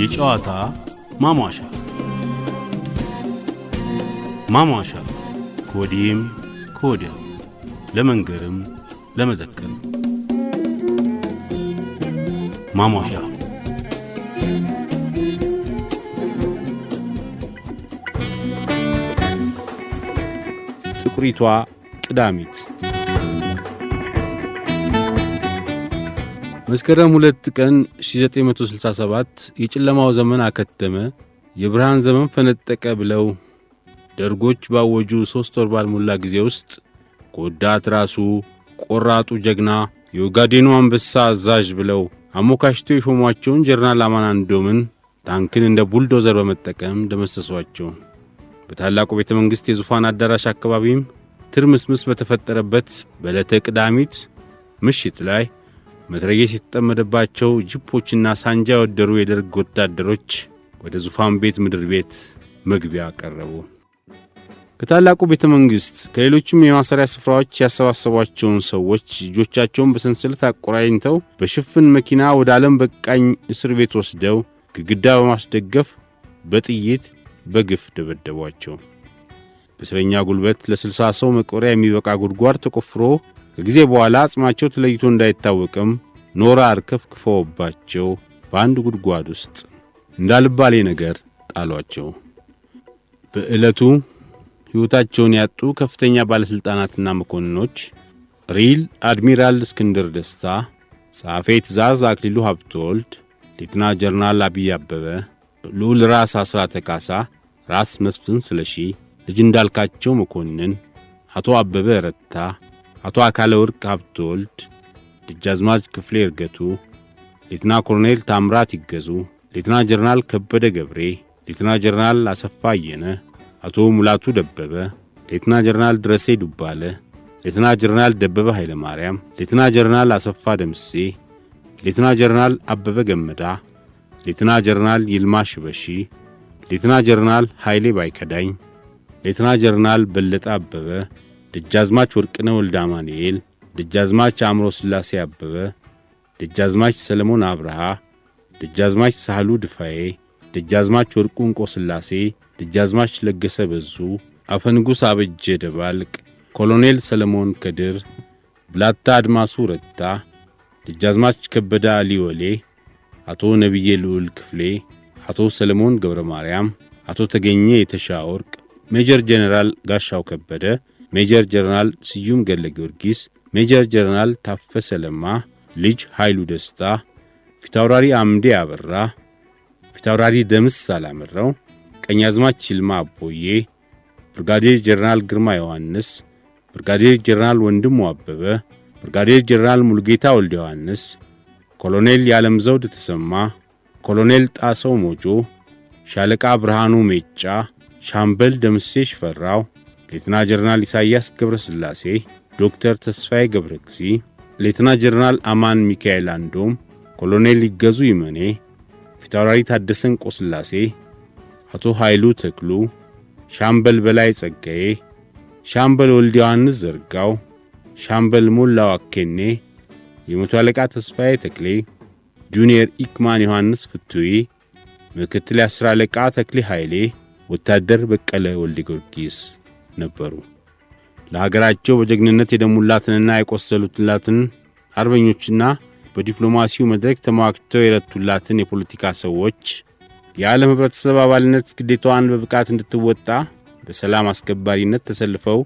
የጨዋታ ማሟሻ ማሟሻ ከወዲህም ከወዲያው ለመንገርም ለመዘከርም ማሟሻ ጥቁሪቷ ቅዳሚት መስከረም ሁለት ቀን 1967 የጨለማው ዘመን አከተመ፣ የብርሃን ዘመን ፈነጠቀ ብለው ደርጎች ባወጁ ሦስት ወር ባልሞላ ጊዜ ውስጥ ከወዳት ራሱ ቆራጡ ጀግና የኦጋዴኑ አንበሳ አዛዥ ብለው አሞካሽቶ የሾሟቸውን ጀነራል አማናንዶምን ታንክን እንደ ቡልዶዘር በመጠቀም ደመሰሷቸው። በታላቁ ቤተ መንግሥት የዙፋን አዳራሽ አካባቢም ትርምስምስ በተፈጠረበት በዕለተ ቅዳሚት ምሽት ላይ መትረየስ የተጠመደባቸው ጅፖችና ሳንጃ የወደሩ የደርግ ወታደሮች ወደ ዙፋን ቤት ምድር ቤት መግቢያ ቀረቡ። ከታላቁ ቤተ መንግሥት ከሌሎችም የማሰሪያ ስፍራዎች ያሰባሰቧቸውን ሰዎች ልጆቻቸውን በሰንሰለት አቆራኝተው በሽፍን መኪና ወደ ዓለም በቃኝ እስር ቤት ወስደው ግድግዳ በማስደገፍ በጥይት በግፍ ደበደቧቸው። በእስረኛ ጉልበት ለስልሳ ሰው መቆሪያ የሚበቃ ጉድጓድ ተቆፍሮ ከጊዜ በኋላ አጽማቸው ተለይቶ እንዳይታወቅም ኖራ አርከፍክፈውባቸው በአንድ ጉድጓድ ውስጥ እንዳልባሌ ነገር ጣሏቸው። በዕለቱ ሕይወታቸውን ያጡ ከፍተኛ ባለሥልጣናትና መኮንኖች ሪል አድሚራል እስክንድር ደስታ፣ ጸሐፌ ትእዛዝ አክሊሉ ሀብተወልድ፣ ሌትና ጀርናል አብይ አበበ፣ ልዑል ራስ አስራተ ካሳ፣ ራስ መስፍን ስለሺ፣ ልጅ እንዳልካቸው መኮንን፣ አቶ አበበ ረታ አቶ አካለ ወርቅ ሀብተወልድ፣ ደጃዝማች ክፍሌ እርገቱ፣ ሌትና ኮሎኔል ታምራት ይገዙ፣ ሌትና ጀርናል ከበደ ገብሬ፣ ሌትና ጀርናል አሰፋ አየነ፣ አቶ ሙላቱ ደበበ፣ ሌትና ጀርናል ድረሴ ዱባለ፣ ሌትና ጀርናል ደበበ ኃይለ ማርያም፣ ሌትና ጀርናል አሰፋ ደምሴ፣ ሌትና ጀርናል አበበ ገመዳ፣ ሌትና ጀርናል ይልማ ሽበሺ፣ ሌትና ጀርናል ኃይሌ ባይከዳኝ፣ ሌትና ጀርናል በለጠ አበበ ደጃዝማች ወርቅነህ ወልደ አማኑኤል፣ ደጃዝማች አእምሮ ሥላሴ አበበ፣ ደጃዝማች ሰለሞን አብርሃ፣ ደጃዝማች ሳህሉ ድፋዬ፣ ደጃዝማች ወርቁ እንቆ ሥላሴ፣ ደጃዝማች ለገሰ በዙ፣ አፈንጉስ አበጀ ደባልቅ፣ ኮሎኔል ሰለሞን ከድር፣ ብላታ አድማሱ ረታ፣ ደጃዝማች ከበዳ ሊወሌ፣ አቶ ነቢዬ ልዑል ክፍሌ፣ አቶ ሰለሞን ገብረ ማርያም፣ አቶ ተገኘ የተሻ ወርቅ፣ ሜጀር ጄኔራል ጋሻው ከበደ ሜጀር ጀነራል ስዩም ገለ ጊዮርጊስ፣ ሜጀር ጀነራል ታፈሰ ለማ፣ ልጅ ኃይሉ ደስታ፣ ፊታውራሪ አምዴ አበራ፣ ፊታውራሪ ደምስ አላምረው፣ ቀኛዝማች ይልማ አቦዬ፣ ብርጋዴር ጀነራል ግርማ ዮሐንስ፣ ብርጋዴር ጀነራል ወንድሙ አበበ፣ ብርጋዴር ጀነራል ሙልጌታ ወልደ ዮሐንስ፣ ኮሎኔል ያለም ዘውድ ተሰማ፣ ኮሎኔል ጣሰው ሞጆ፣ ሻለቃ ብርሃኑ ሜጫ፣ ሻምበል ደምሴ ሽፈራው ሌትና ጀርናል ኢሳያስ ገብረስላሴ፣ ዶክተር ተስፋዬ ገብረ እግዚ፣ ሌተና አማን ሚካኤል አንዶም፣ ኮሎኔል ይገዙ ይመኔ፣ ፊታውራሪ ታደሰ እንቆስላሴ፣ አቶ ኃይሉ ተክሉ፣ ሻምበል በላይ ጸጋዬ፣ ሻምበል ወልድ ዮሐንስ ዘርጋው፣ ሻምበል ሞላ አኬኔ፣ የመቶ አለቃ ተስፋዬ ተክሌ፣ ጁኒየር ኢክማን ዮሐንስ ፍቱይ፣ ምክትል የአስር አለቃ ተክሌ ኃይሌ፣ ወታደር በቀለ ወልደ ጊዮርጊስ ነበሩ። ለሀገራቸው በጀግንነት የደሙላትንና የቆሰሉትላትን አርበኞችና በዲፕሎማሲው መድረክ ተሟግተው የረቱላትን የፖለቲካ ሰዎች የዓለም ኅብረተሰብ አባልነት ግዴታዋን በብቃት እንድትወጣ በሰላም አስከባሪነት ተሰልፈው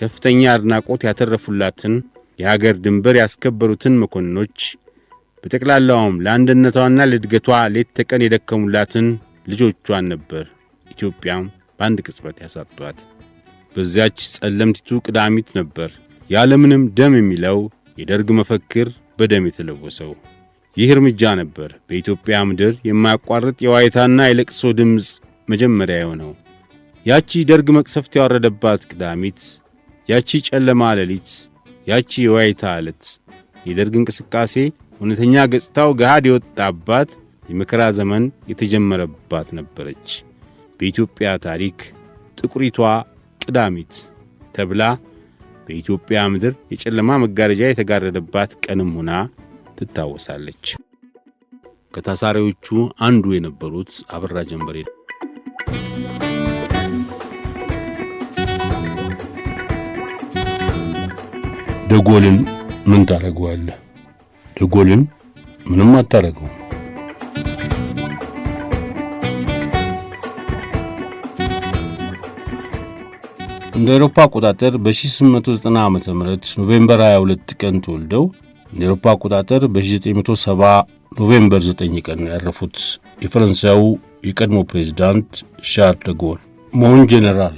ከፍተኛ አድናቆት ያተረፉላትን የሀገር ድንበር ያስከበሩትን መኮንኖች በጠቅላላውም ለአንድነቷና ለእድገቷ ሌት ተቀን የደከሙላትን ልጆቿን ነበር ኢትዮጵያም በአንድ ቅጽበት ያሳጧት። በዚያች ጸለምቲቱ ቅዳሚት ነበር ያለምንም ደም የሚለው የደርግ መፈክር በደም የተለወሰው። ይህ እርምጃ ነበር በኢትዮጵያ ምድር የማያቋርጥ የዋይታና የለቅሶ ድምፅ መጀመሪያ የሆነው። ያቺ ደርግ መቅሰፍት ያወረደባት ቅዳሚት፣ ያቺ ጨለማ ሌሊት፣ ያቺ የዋይታ ዕለት የደርግ እንቅስቃሴ እውነተኛ ገጽታው ገሃድ የወጣባት የመከራ ዘመን የተጀመረባት ነበረች። በኢትዮጵያ ታሪክ ጥቁሪቷ ቅዳሚት ተብላ በኢትዮጵያ ምድር የጨለማ መጋረጃ የተጋረደባት ቀንም ሆና ትታወሳለች። ከታሳሪዎቹ አንዱ የነበሩት አበራ ጀንበሬ ደጎልን ምን ታደርገዋለህ? ደጎልን ምንም አታደርገውም። እንደ አውሮፓ አቆጣጠር በ1890 ዓ ም ኖቬምበር 22 ቀን ተወልደው እንደ አውሮፓ አቆጣጠር በ1970 ኖቬምበር 9 ቀን ያረፉት የፈረንሳዩ የቀድሞ ፕሬዚዳንት ሻርል ደጎል መሆን ጄኔራል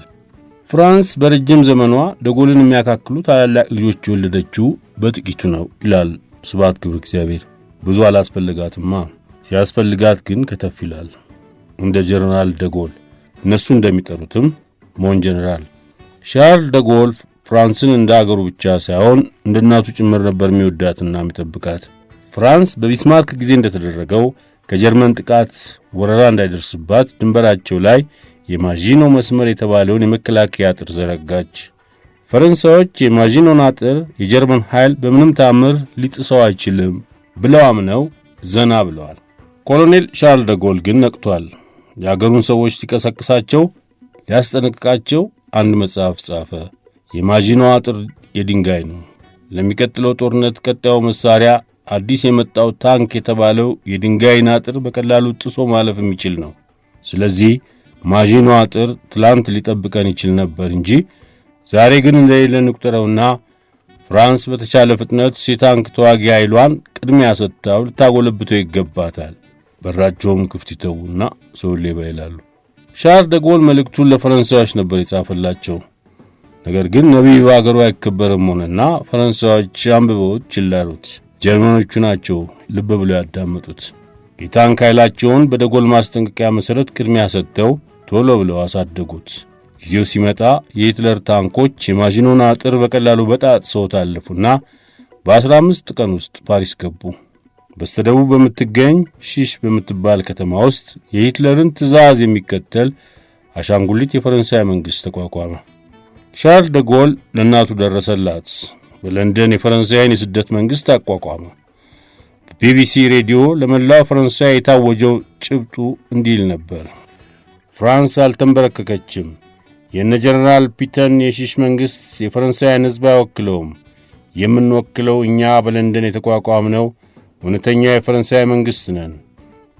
ፍራንስ በረጅም ዘመኗ ደጎልን የሚያካክሉ ታላላቅ ልጆች የወለደችው በጥቂቱ ነው ይላል ስብሐት ገብረ እግዚአብሔር። ብዙ አላስፈልጋትማ፣ ሲያስፈልጋት ግን ከተፍ ይላል። እንደ ጀነራል ደጎል እነሱ እንደሚጠሩትም ሞን ጀነራል ሻርል ደጎል ፍራንስን እንደ አገሩ ብቻ ሳይሆን እንደ እናቱ ጭምር ነበር የሚወዳትና የሚጠብቃት። ፍራንስ በቢስማርክ ጊዜ እንደተደረገው ከጀርመን ጥቃት ወረራ እንዳይደርስባት ድንበራቸው ላይ የማዢኖ መስመር የተባለውን የመከላከያ አጥር ዘረጋች። ፈረንሳዮች የማዢኖን አጥር የጀርመን ኃይል በምንም ታምር ሊጥሰው አይችልም ብለው አምነው ዘና ብለዋል። ኮሎኔል ሻርል ደጎል ግን ነቅቷል። የአገሩን ሰዎች ሲቀሰቅሳቸው፣ ሊያስጠነቅቃቸው አንድ መጽሐፍ ጻፈ። የማዥኖ አጥር የድንጋይ ነው። ለሚቀጥለው ጦርነት ቀጣዩ መሳሪያ አዲስ የመጣው ታንክ የተባለው የድንጋይን አጥር በቀላሉ ጥሶ ማለፍ የሚችል ነው። ስለዚህ ማዢኖ አጥር ትላንት ሊጠብቀን ይችል ነበር እንጂ ዛሬ ግን እንደሌለ ንቁጠረውና ፍራንስ በተቻለ ፍጥነት የታንክ ተዋጊ ኃይሏን ቅድሚያ ሰጥታው ልታጎለብተው ይገባታል። በራቸውም ክፍት ይተዉና ሰው ሌባ ይላሉ። ሻር ደጎል መልእክቱን ለፈረንሳዮች ነበር የጻፈላቸው። ነገር ግን ነቢይ በአገሩ አይከበርም ሆነና ፈረንሳዮች አንብበዎች ይላሉት። ጀርመኖቹ ናቸው ልብ ብለው ያዳመጡት። የታንክ ኃይላቸውን በደጎል ማስጠንቀቂያ መሠረት ቅድሚያ ሰጥተው ቶሎ ብለው አሳደጉት። ጊዜው ሲመጣ የሂትለር ታንኮች የማዥኖን አጥር በቀላሉ በጣጥሰው አለፉና በ15 ቀን ውስጥ ፓሪስ ገቡ። በስተደቡብ በምትገኝ ሺሽ በምትባል ከተማ ውስጥ የሂትለርን ትዕዛዝ የሚከተል አሻንጉሊት የፈረንሳይ መንግሥት ተቋቋመ። ሻርል ደጎል ለእናቱ ደረሰላት። በለንደን የፈረንሳይን የስደት መንግሥት አቋቋመ። በቢቢሲ ሬዲዮ ለመላው ፈረንሳይ የታወጀው ጭብጡ እንዲል ነበር። ፍራንስ አልተንበረከከችም። የነ ጀነራል ፒተን የሺሽ መንግሥት የፈረንሳይን ሕዝብ አይወክለውም። የምንወክለው እኛ በለንደን የተቋቋምነው እውነተኛ የፈረንሳይ መንግሥት ነን።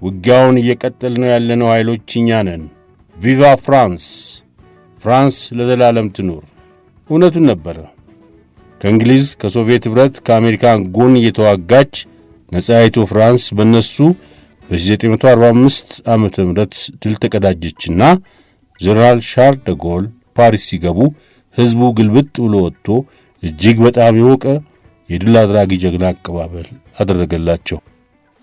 ውጊያውን እየቀጠልነው ያለነው ኃይሎች እኛ ነን። ቪቫ ፍራንስ! ፍራንስ ለዘላለም ትኑር! እውነቱን ነበረ። ከእንግሊዝ፣ ከሶቪየት ኅብረት፣ ከአሜሪካን ጎን እየተዋጋች ነጻይቱ ፍራንስ በእነሱ በ1945 ዓ ም ድል ተቀዳጀችና ጀነራል ሻርል ደጎል ፓሪስ ሲገቡ ሕዝቡ ግልብጥ ብሎ ወጥቶ እጅግ በጣም የወቀ የድል አድራጊ ጀግና አቀባበል አደረገላቸው።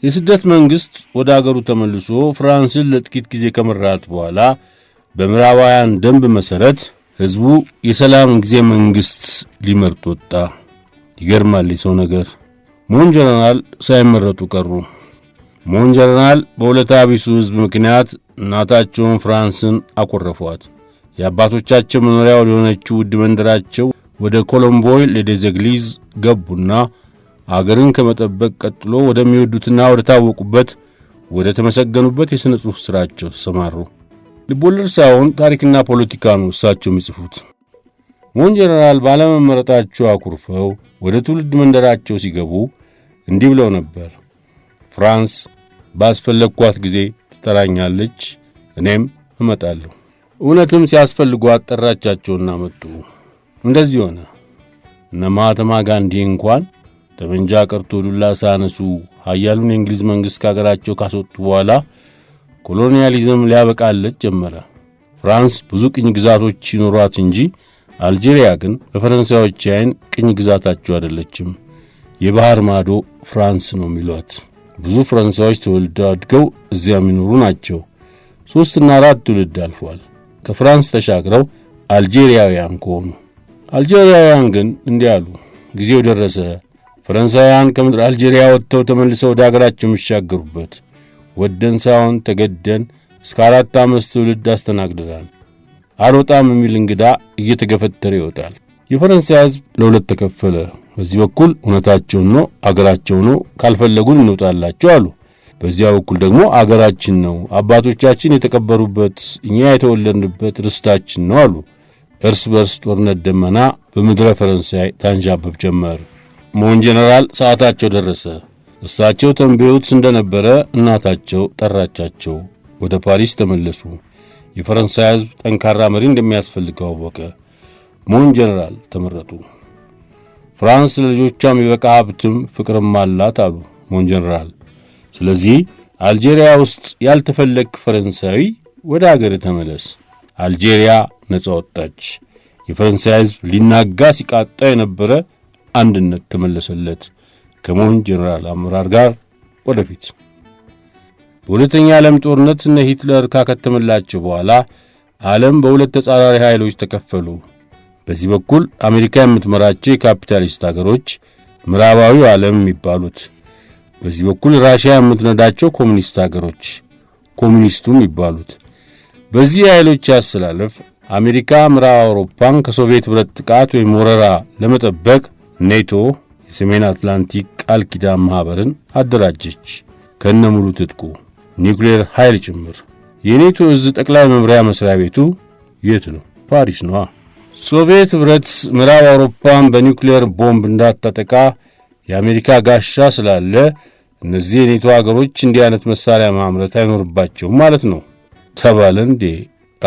የስደት መንግሥት ወደ አገሩ ተመልሶ ፍራንስን ለጥቂት ጊዜ ከመራት በኋላ በምዕራባውያን ደንብ መሠረት ሕዝቡ የሰላም ጊዜ መንግሥት ሊመርጥ ወጣ። ይገርማል የሰው ነገር። ሞን ጀነራል ሳይመረጡ ቀሩ። ሞን ጀነራል በሁለታ ቢሱ ሕዝብ ምክንያት እናታቸውን ፍራንስን አኮረፏት። የአባቶቻቸው መኖሪያ ሊሆነችው ውድ መንደራቸው ወደ ኮሎምቦይ ለደዘግሊዝ ገቡና አገርን ከመጠበቅ ቀጥሎ ወደሚወዱትና ወደ ታወቁበት ወደ ተመሰገኑበት የሥነ ጽሑፍ ሥራቸው ተሰማሩ። ልቦለድ ሳይሆን ታሪክና ፖለቲካ ነው እሳቸው የሚጽፉት። ሞን ጀነራል ባለመመረጣቸው አኩርፈው ወደ ትውልድ መንደራቸው ሲገቡ እንዲህ ብለው ነበር። ፍራንስ ባስፈለግኳት ጊዜ ትጠራኛለች፣ እኔም እመጣለሁ። እውነትም ሲያስፈልጓት ጠራቻቸውና መጡ። እንደዚህ ሆነ። እነ ማህተማ ጋንዲ እንኳን ጠመንጃ ቀርቶ ዱላ ሳነሱ ኃያሉን የእንግሊዝ መንግሥት ከአገራቸው ካስወጡ በኋላ ኮሎኒያሊዝም ሊያበቃለት ጀመረ። ፍራንስ ብዙ ቅኝ ግዛቶች ይኖሯት እንጂ አልጄሪያ ግን በፈረንሳዮች አይን ቅኝ ግዛታቸው አይደለችም። የባህር ማዶ ፍራንስ ነው የሚሏት። ብዙ ፈረንሳዮች ተወልደው አድገው እዚያ የሚኖሩ ናቸው። ሦስትና አራት ትውልድ አልፏል ከፍራንስ ተሻግረው አልጄሪያውያን ከሆኑ አልጄሪያውያን ግን እንዲህ አሉ። ጊዜው ደረሰ፣ ፈረንሳውያን ከምድር አልጄሪያ ወጥተው ተመልሰው ወደ አገራቸው የሚሻገሩበት። ወደን ሳይሆን ተገደን እስከ አራት ዓመት ትውልድ አስተናግደናል። አልወጣም የሚል እንግዳ እየተገፈተረ ይወጣል። የፈረንሳይ ሕዝብ ለሁለት ተከፈለ። በዚህ በኩል እውነታቸውን ነው አገራቸው ነው ካልፈለጉን እንውጣላቸው አሉ። በዚያ በኩል ደግሞ አገራችን ነው አባቶቻችን የተቀበሩበት እኛ የተወለድንበት ርስታችን ነው አሉ። እርስ በርስ ጦርነት ደመና በምድረ ፈረንሳይ ታንዣብብ ጀመር። ሞን ጀነራል ሰዓታቸው ደረሰ። እሳቸው ተንብዮት እንደነበረ እናታቸው ጠራቻቸው። ወደ ፓሪስ ተመለሱ። የፈረንሳይ ሕዝብ ጠንካራ መሪ እንደሚያስፈልገው አወቀ። ሞን ጀነራል ተመረጡ። ፍራንስ ለልጆቿም የበቃ ሀብትም ፍቅርም አላት አሉ ሞን ጀነራል። ስለዚህ አልጄሪያ ውስጥ ያልተፈለግ ፈረንሳዊ ወደ አገር ተመለስ አልጄሪያ ነጻ ወጣች። የፈረንሳይ ሕዝብ ሊናጋ ሲቃጣ የነበረ አንድነት ተመለሰለት። ከሞን ጀነራል አመራር ጋር ወደፊት። በሁለተኛ ዓለም ጦርነት እነ ሂትለር ካከተመላቸው በኋላ ዓለም በሁለት ተጻራሪ ኃይሎች ተከፈሉ። በዚህ በኩል አሜሪካ የምትመራቸው የካፒታሊስት አገሮች ምዕራባዊው ዓለም የሚባሉት፣ በዚህ በኩል ራሽያ የምትነዳቸው ኮሚኒስት አገሮች ኮሚኒስቱ የሚባሉት በዚህ የኃይሎች አሰላለፍ አሜሪካ ምዕራብ አውሮፓን ከሶቪየት ኅብረት ጥቃት ወይም ወረራ ለመጠበቅ ኔቶ የሰሜን አትላንቲክ ቃል ኪዳን ማኅበርን አደራጀች። ከነ ሙሉ ትጥቁ ኒውክሌር ኃይል ጭምር። የኔቶ እዝ ጠቅላይ መምሪያ መሥሪያ ቤቱ የት ነው? ፓሪስ ነዋ። ሶቪየት ኅብረት ምዕራብ አውሮፓን በኒውክሌር ቦምብ እንዳታጠቃ የአሜሪካ ጋሻ ስላለ እነዚህ የኔቶ አገሮች እንዲህ አይነት መሣሪያ ማምረት አይኖርባቸውም ማለት ነው። ተባለ እንዴ?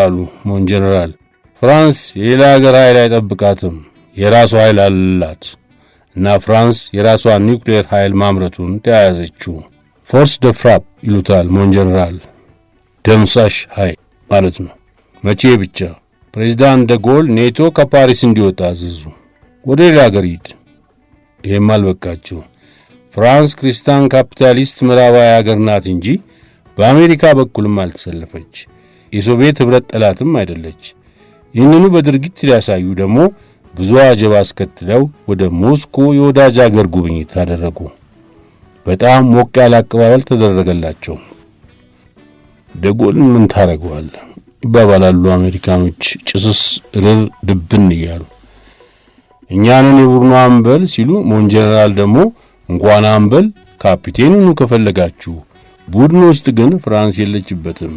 አሉ ሞን ጀነራል። ፍራንስ የሌላ ሀገር ኃይል አይጠብቃትም፣ የራሷ ኃይል አላት እና ፍራንስ የራሷ ኒውክሌር ኃይል ማምረቱን ተያያዘችው። ፎርስ ደ ፍራፕ ይሉታል ሞን ጀነራል፣ ደምሳሽ ኃይል ማለት ነው። መቼ ብቻ ፕሬዚዳንት ደጎል ኔቶ ከፓሪስ እንዲወጣ አዘዙ። ወደ ሌላ ሀገር ሂድ። ይህም አልበቃቸው። ፍራንስ ክርስቲያን ካፒታሊስት ምዕራባዊ ሀገር ናት እንጂ በአሜሪካ በኩልም አልተሰለፈች። የሶቪየት ኅብረት ጠላትም አይደለች። ይህንኑ በድርጊት ሊያሳዩ ደግሞ ብዙ አጀብ አስከትለው ወደ ሞስኮ የወዳጅ አገር ጉብኝት አደረጉ። በጣም ሞቅ ያለ አቀባበል ተደረገላቸው። ደጎል ምን ታደረገዋል ይባባላሉ አሜሪካኖች ጭስስ ርር ድብን እያሉ እኛንን የቡድኑ አንበል ሲሉ ሞንጀነራል ደግሞ እንኳን አንበል ካፒቴኑኑ ከፈለጋችሁ ቡድን ውስጥ ግን ፍራንስ የለችበትም።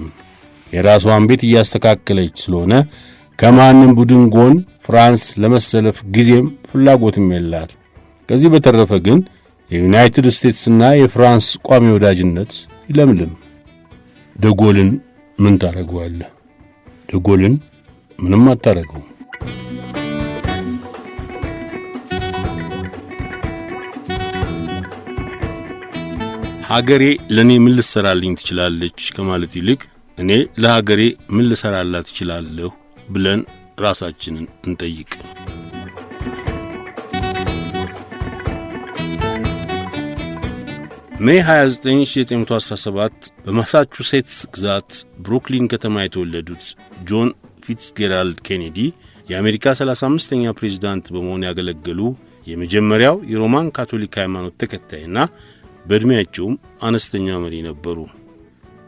የራሷን ቤት እያስተካከለች ስለሆነ ከማንም ቡድን ጎን ፍራንስ ለመሰለፍ ጊዜም ፍላጎትም የላት። ከዚህ በተረፈ ግን የዩናይትድ ስቴትስና የፍራንስ ቋሚ ወዳጅነት ይለምልም። ደጎልን ምን ታደርገዋለህ? ደጎልን ምንም አታደርገውም። ሀገሬ ለእኔ ምን ልሰራልኝ ትችላለች ከማለት ይልቅ እኔ ለሀገሬ ምን ልሰራላት ትችላለሁ ብለን ራሳችንን እንጠይቅ። ሜይ 29 1917 በማሳቹሴትስ ግዛት ብሩክሊን ከተማ የተወለዱት ጆን ፊትስጌራልድ ኬኔዲ የአሜሪካ 35ኛ ፕሬዚዳንት በመሆን ያገለገሉ የመጀመሪያው የሮማን ካቶሊክ ሃይማኖት ተከታይና በዕድሜያቸውም አነስተኛ መሪ ነበሩ።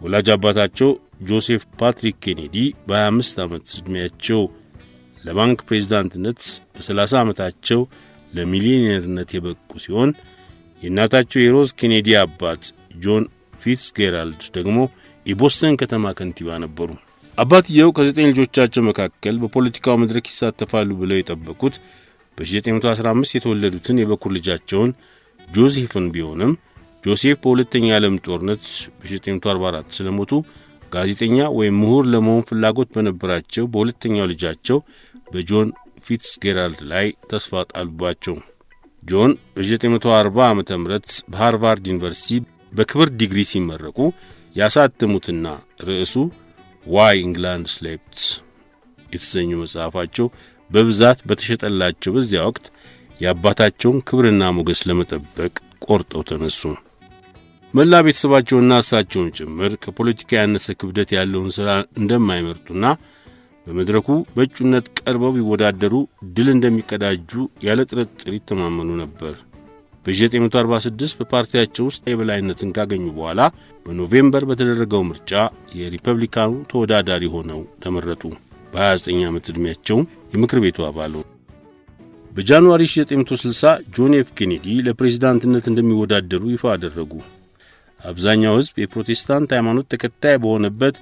ወላጅ አባታቸው ጆሴፍ ፓትሪክ ኬኔዲ በ25 ዓመት ዕድሜያቸው ለባንክ ፕሬዝዳንትነት በ30 ዓመታቸው ለሚሊዮኔርነት የበቁ ሲሆን የእናታቸው የሮዝ ኬኔዲ አባት ጆን ፊትስጌራልድ ደግሞ የቦስተን ከተማ ከንቲባ ነበሩ። አባትየው ከዘጠኝ ልጆቻቸው መካከል በፖለቲካው መድረክ ይሳተፋሉ ብለው የጠበቁት በ1915 የተወለዱትን የበኩር ልጃቸውን ጆዜፍን ቢሆንም ጆሴፍ በሁለተኛ ዓለም ጦርነት በ1944 ስለሞቱ ጋዜጠኛ ወይም ምሁር ለመሆን ፍላጎት በነበራቸው በሁለተኛው ልጃቸው በጆን ፊትስጌራልድ ላይ ተስፋ ጣሉባቸው። ጆን በ1940 ዓ ም በሃርቫርድ ዩኒቨርሲቲ በክብር ዲግሪ ሲመረቁ ያሳተሙትና ርዕሱ ዋይ ኢንግላንድ ስሌፕት የተሰኙ መጽሐፋቸው በብዛት በተሸጠላቸው በዚያ ወቅት የአባታቸውን ክብርና ሞገስ ለመጠበቅ ቆርጠው ተነሱ። መላ ቤተሰባቸውና እሳቸውን ጭምር ከፖለቲካ ያነሰ ክብደት ያለውን ሥራ እንደማይመርጡና በመድረኩ በእጩነት ቀርበው ቢወዳደሩ ድል እንደሚቀዳጁ ያለ ጥርጥር ይተማመኑ ነበር። በ1946 በፓርቲያቸው ውስጥ የበላይነትን ካገኙ በኋላ በኖቬምበር በተደረገው ምርጫ የሪፐብሊካኑ ተወዳዳሪ ሆነው ተመረጡ። በ29 ዓመት ዕድሜያቸው የምክር ቤቱ አባሉ። በጃንዋሪ 1960 ጆን ኤፍ ኬኔዲ ለፕሬዚዳንትነት እንደሚወዳደሩ ይፋ አደረጉ። አብዛኛው ሕዝብ የፕሮቴስታንት ሃይማኖት ተከታይ በሆነበት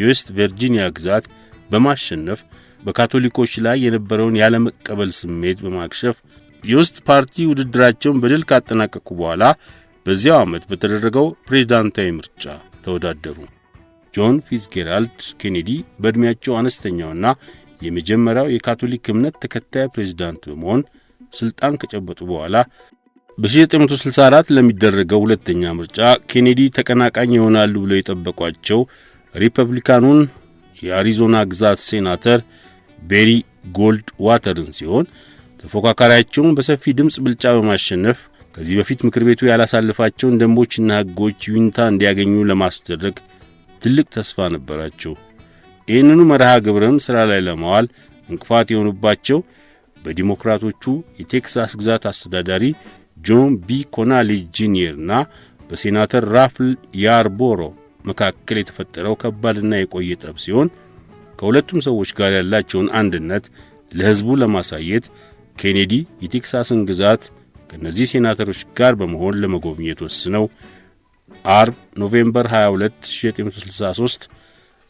የዌስት ቨርጂኒያ ግዛት በማሸነፍ በካቶሊኮች ላይ የነበረውን ያለመቀበል ስሜት በማክሸፍ የውስጥ ፓርቲ ውድድራቸውን በድል ካጠናቀቁ በኋላ በዚያው ዓመት በተደረገው ፕሬዝዳንታዊ ምርጫ ተወዳደሩ። ጆን ፊትዝጌራልድ ኬኔዲ በዕድሜያቸው አነስተኛውና የመጀመሪያው የካቶሊክ እምነት ተከታይ ፕሬዝዳንት በመሆን ሥልጣን ከጨበጡ በኋላ በ1964 ለሚደረገው ሁለተኛ ምርጫ ኬኔዲ ተቀናቃኝ ይሆናሉ ብለው የጠበቋቸው ሪፐብሊካኑን የአሪዞና ግዛት ሴናተር ቤሪ ጎልድ ዋተርን ሲሆን ተፎካካሪያቸውን በሰፊ ድምፅ ብልጫ በማሸነፍ ከዚህ በፊት ምክር ቤቱ ያላሳለፋቸውን ደንቦችና ሕጎች ዩኒታ እንዲያገኙ ለማስደረግ ትልቅ ተስፋ ነበራቸው። ይህንኑ መርሃ ግብርም ሥራ ላይ ለማዋል እንቅፋት የሆኑባቸው በዲሞክራቶቹ የቴክሳስ ግዛት አስተዳዳሪ ጆን ቢ ኮናሊ ጂኒየር እና በሴናተር ራፍል ያርቦሮ መካከል የተፈጠረው ከባድና የቆየ ጠብ ሲሆን ከሁለቱም ሰዎች ጋር ያላቸውን አንድነት ለሕዝቡ ለማሳየት ኬኔዲ የቴክሳስን ግዛት ከእነዚህ ሴናተሮች ጋር በመሆን ለመጎብኘት ወስነው አርብ ኖቬምበር 22 1963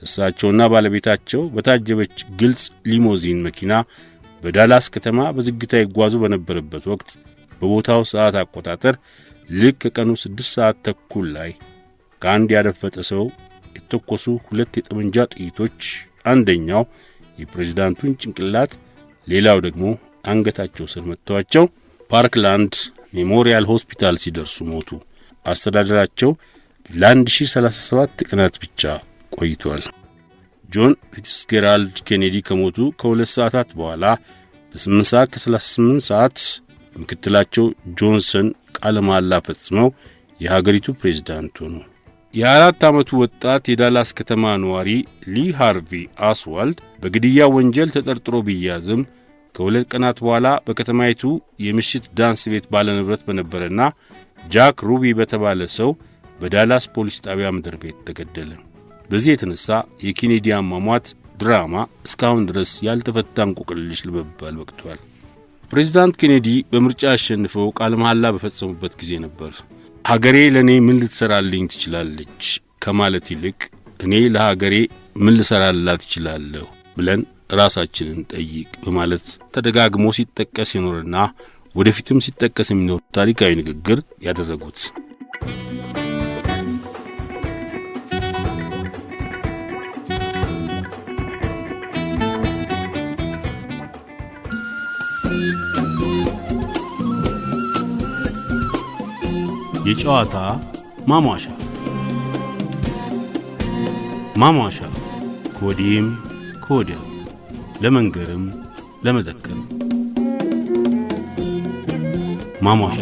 እሳቸውና ባለቤታቸው በታጀበች ግልጽ ሊሞዚን መኪና በዳላስ ከተማ በዝግታ ይጓዙ በነበረበት ወቅት በቦታው ሰዓት አቆጣጠር ልክ ቀኑ ስድስት ሰዓት ተኩል ላይ ከአንድ ያደፈጠ ሰው የተኮሱ ሁለት የጠመንጃ ጥይቶች አንደኛው የፕሬዝዳንቱን ጭንቅላት ሌላው ደግሞ አንገታቸው ስር መጥተዋቸው ፓርክላንድ ሜሞሪያል ሆስፒታል ሲደርሱ ሞቱ። አስተዳደራቸው ለ1037 ቀናት ብቻ ቆይቷል። ጆን ፊትስጌራልድ ኬኔዲ ከሞቱ ከሁለት ሰዓታት በኋላ በ8 ሰዓት ከ38 ሰዓት ምክትላቸው ጆንሰን ቃለ መሐላ ፈጽመው የሀገሪቱ ፕሬዝዳንት ሆኑ። የአራት ዓመቱ ወጣት የዳላስ ከተማ ነዋሪ ሊ ሃርቪ አስዋልድ በግድያ ወንጀል ተጠርጥሮ ቢያዝም ከሁለት ቀናት በኋላ በከተማይቱ የምሽት ዳንስ ቤት ባለንብረት በነበረና ጃክ ሩቢ በተባለ ሰው በዳላስ ፖሊስ ጣቢያ ምድር ቤት ተገደለ። በዚህ የተነሳ የኬኔዲ አሟሟት ድራማ እስካሁን ድረስ ያልተፈታ እንቆቅልሽ ልበባል ወቅቷል። ፕሬዚዳንት ኬኔዲ በምርጫ አሸንፈው ቃለ መሐላ በፈጸሙበት ጊዜ ነበር ሀገሬ ለእኔ ምን ልትሰራልኝ ትችላለች ከማለት ይልቅ እኔ ለሀገሬ ምን ልሰራላት እችላለሁ ብለን ራሳችንን ጠይቅ በማለት ተደጋግሞ ሲጠቀስ ይኖርና ወደፊትም ሲጠቀስ የሚኖር ታሪካዊ ንግግር ያደረጉት የጨዋታ ማሟሻ ማሟሻ ከወዲህም ከወዲያው ለመንገርም ለመዘከርም ማሟሻ